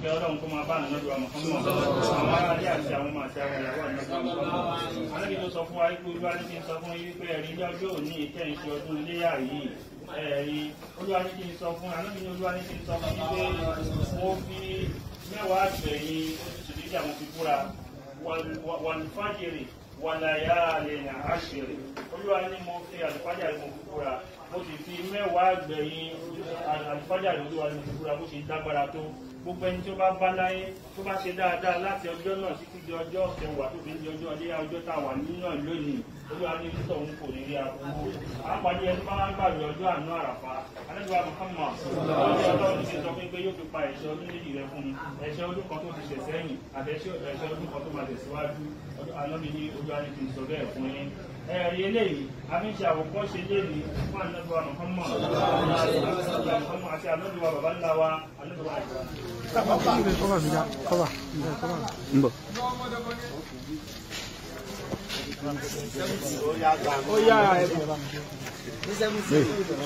Ìgbẹ́ ọlọ́run kó máa bá àná lọ́dọ̀ àmọ̀ fún mọ̀. Àwọn ará ilé àti àwọn ọmọ àti àwọn ìyàwó àná fún mọ̀. Alábi tó sọ fún wa wípé olúwa ní kí n sọ fún yín wípé ẹ̀rí ilé ọjọ́ òní ìtẹ́ ìṣe ọdún iléyà yìí. Ẹ̀rí olúwa ní kí n sọ fún alábi ní olúwa ní kí n sọ fún yín pé mo fi mẹ́wàá àgbẹ̀yìn oṣù méjì àwọn fi búra wàlúfàjèrè wàlàyà àlẹ́yìn àṣẹrè. Olúwa ní mo fi àlùfájà mo fi búra mo sì fi mẹ́wàá àgbẹ̀yìn àlùfájà olúwa ní mo fi búra bó ṣe dágbára tó gbogbo ẹni tó bá bá láyé tó bá ṣe dáadáa láti ọjọ́ náà títí di ọjọ́ kẹwàá tó fi ń di ọjọ́ ọdẹ ọjọ́ tá a wà nínú náà lónìí olúwa ní ojú tọ̀hún kò ní rí agogo àpàdé ẹni bá wọn gbàgbé ọjọ́ àánú àràfà alẹ́dùwà Muhammad ọjọ́ ọlọ́run ti sọ pé yóò fi pa ẹ̀ṣẹ̀ ọdún méjì rẹ fún mi ẹ̀ṣẹ̀ ọdún kan tó ti ṣẹ̀ sẹ́yìn àbẹ̀ṣẹ̀ ẹ̀ṣẹ̀ ọdún kan tó máa tẹ̀síwájú ẹ̀rí eléyìí àfihàn àwòkọ́ ṣe léèrè fún àlọ́dúnwà mọ̀kánmọ́ àlọ́dúnwà àti àlọ́dúnwà bàbá ńlá wa àlọ́dúnwà àjọ. Ó yára ẹ̀bùn. Ní sẹ́mùsì,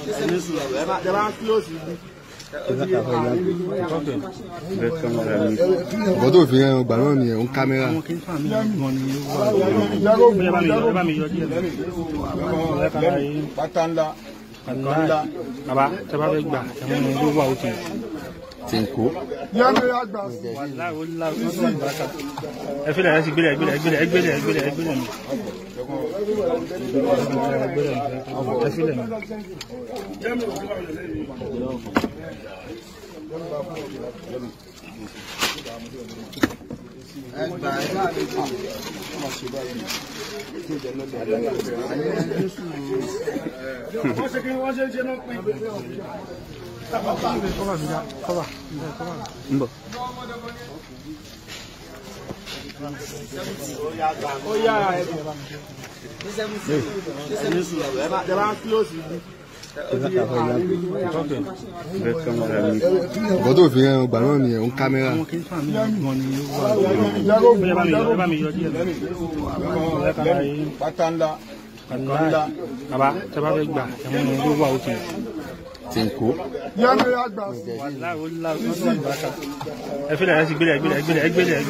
ní sẹ́mùsì, ẹ bá ń kílòsì bọ́ tó fi hàn gbà náà nìyẹn ń kámẹ́rà. pátá ńlá. bàbá tẹ bá fẹ́ gbà ẹ mú un ló wà ó ti ti ń kó. ẹ fi lẹ́yìn ẹgbẹ́lẹ̀ ẹgbẹ́lẹ̀ ẹgbẹ́lẹ̀ ẹgbẹ́lẹ̀ ẹgbẹ́lẹ̀ ẹgbẹ́lẹ̀ mi. ẹ fi lẹ́yìn. Wọ́n ṣe kí wọ́n ṣe jẹ́ náà pín. Mbọ̀. Ó yá ẹ̀bùn. Ẹ bá ń kílòsì ibi. Nǹkan tó fi hàn ọgbà náà nìyẹn, òun kámẹ́rà. Pátá ńlá. Bàbá, tẹ bá fẹ́ gbà, ẹ̀wọ̀n ni gbogbo àwọn òkè ti ń kó. yẹ́nu ya gbà sí. ẹ fi lẹ́yìn gbélé gbélé gbélé gbélé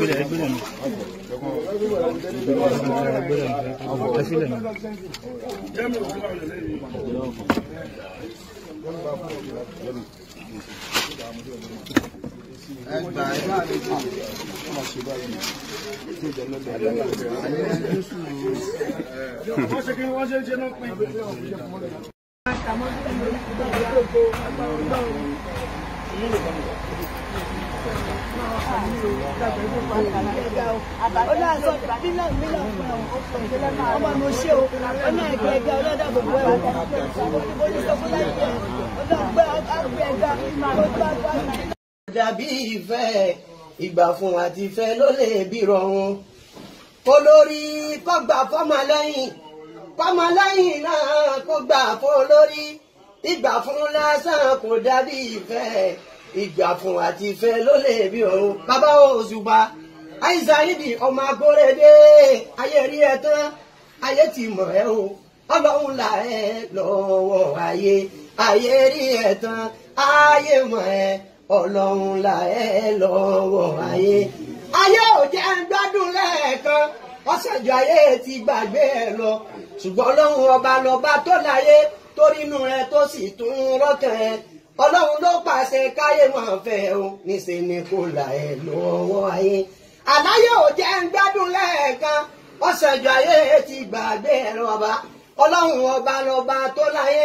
gbélé gbélé ọlọ́àzọ́ mílíọ̀nù mílíọ̀nù ọmọ mi dàbí ìfẹ́ ìgbà fún àti ló lè bí rọrùn kó lórí kọ́gbà fọ́mọ lẹ́yìn kọ́mọlẹ́yìn náà kó gbà fún olórí ìgbà fún lásán kò dàbí ìfẹ́ ìgbà fún àti ìfẹ́ ló lè bí òun bàbá Òṣùpá àìsàn níbi ọmọ agbóredé ayé rí ẹ tán ayé ti mọ̀ ẹ́ o ọlọ́run là ẹ lọ́wọ́ ayé ayé rí ẹ tán ayé mọ̀ ẹ́ ọlọ́run là ẹ lọ́wọ́ ayé ayé ò jẹ́ gbádùn lẹ́ẹ̀kan ọ̀sẹ̀jọ ayé ti gbàgbé ẹ lọ ṣùgbọ́n ọlọ́run ọba lọ́ba tó láyé tó rínú rẹ tó sì tún rọ́kàn ẹ ọlọ́run ló pàṣẹ káyé máa fẹ́ o níṣẹ́ ni kò là ẹ lọ́wọ́ ayé àláyé ò jẹ́ ń gbádùn lẹ́ẹ̀kan ọ̀sẹ̀jọ ayé ti gbàgbé ẹ lọ́ba ọlọ́run ọba lọ́ba tó láyé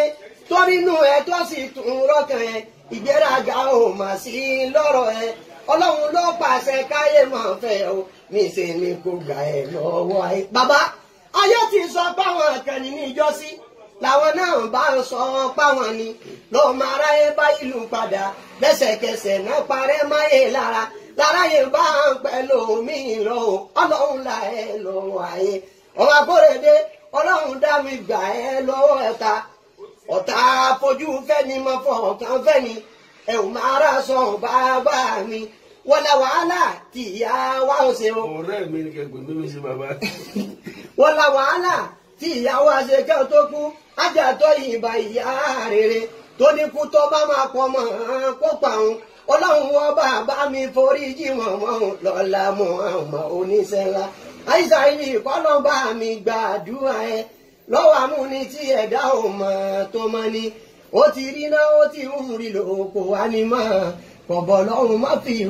tó rínú ẹ tó sì tún rọ́kàn ẹ ìgbéraga ò mà sí lọ́rọ̀ ẹ. ọlọ́run ló pàṣẹ káyé máa fẹ́ o níṣẹ́ ni kò gbà ẹ̀ lọ́wọ́ ẹ̀. bàbá ayé ti sọ páwọn kan ní ìjọsí làwọn náà bá sọ páwọn ni ló máa ráyé bá ìlú padà lẹ́sẹ̀kẹsẹ̀ náà parẹ́ máyé lára lára yẹn bá ń pẹ̀lú mi lọ ọlọ́run là ẹ lọ́wọ́ ayé ọba kórèdé ọlọ́run dá mi gbà ẹ̀ lọ́wọ́ ẹ̀ta ọ̀tá fojú fẹ́ni mọ́ fọ́ ọ̀kan fẹ́ni. ẹ ò máa rà mi wọ́n la wàhálà tí ìyá o. ọ̀rẹ́ mi ni bàbá. wàhálà tí ìyá ọ ìyá rere tó máa pọ̀ mọ́ kó pa òun ọlọ́run wọn bàbá mi forí jì wọ́n wọ́n lọ́la mọ́ oníṣẹ́ mi gbàdúrà ẹ lọ́wọ́ وترين وتمر الأقوى عنما قبل ما فيه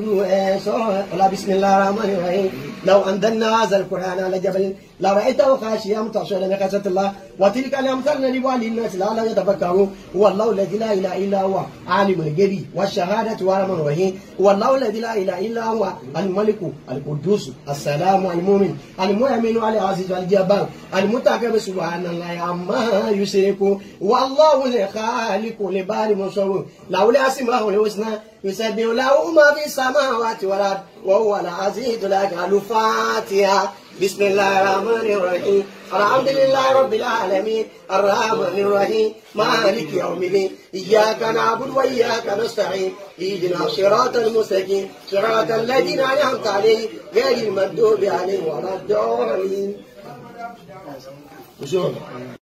أسوأ بسم الله الرحمن الرحيم لو أندنا هذا القرآن على جبل لرأيته خاشيا متعشرا نقصة الله وتلك الأمثال نجيبها للناس لعلهم يتفكرون هو الله الذي لا إله إلا هو عالم الغيب والشهادة وعلم الرحيم هو الله الذي لا إله إلا هو الملك القدوس السلام المؤمن المؤمن على العزيز الجبار المتكبر سبحان الله عما يشركون والله الخالق لبار مصور لولا أسماءه الحسنى يسبح له ما في السماوات والأرض وهو العزيز الحكيم الفاتحة بسم الله الرحمن الرحيم الحمد لله رب العالمين الرحمن الرحيم مالك يوم الدين إياك نعبد وإياك نستعين اهدنا الصراط المستقيم صراط الذين أنعمت عليهم غير المغضوب عليهم ولا الضالين